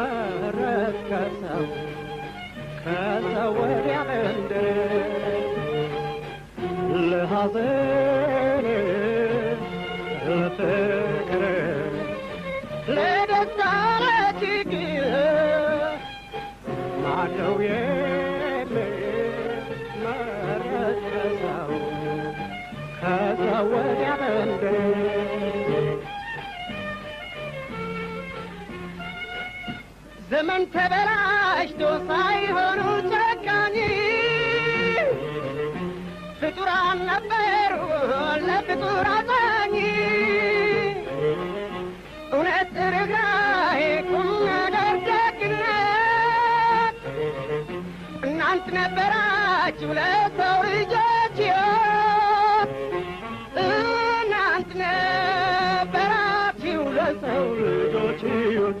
በረከሰው ከሰው ወዲያ መንደር ለሐዘን ለፍቅር ለደስታ ለችግር ማነው ከሰው ወዲያ መንደር ዘመን ተበላሽቶ ሳይሆኑ ጨካኝ ፍጡራን ነበሩ ለፍጡር አዛኝ እውነት ርኅራኄ ቁም ነገር ደግነት እናንት ነበራችሁ ለሰው ልጆች ሕይወት እናንት ነበራችሁ ለሰው ልጆች ሕይወት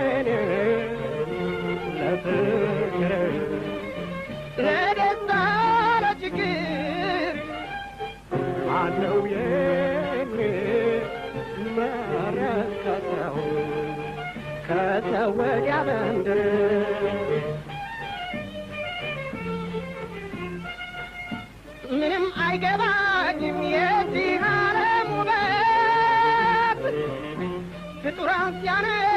መረከተው ምንም አይገባኝም የዚህ ዓለም ውበት ፍጡራን ሲያነ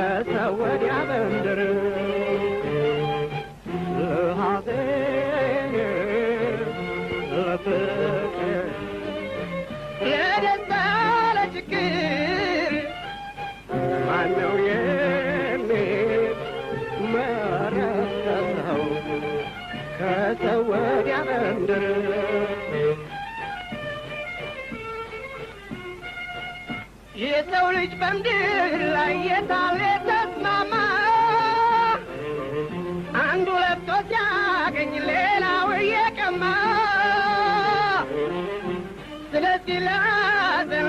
ከሰው ወዲያ በምድር የሰው ልጅ በምድር ላይ የታለ ተስማማ? አንዱ ለብቶ ሲያገኝ ሌላው እየቀማ ስለዚህ ለአዘን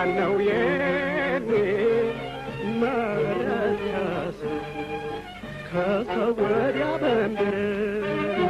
ማነው የኔ መረከስ ከሰው ወዲያ በምድር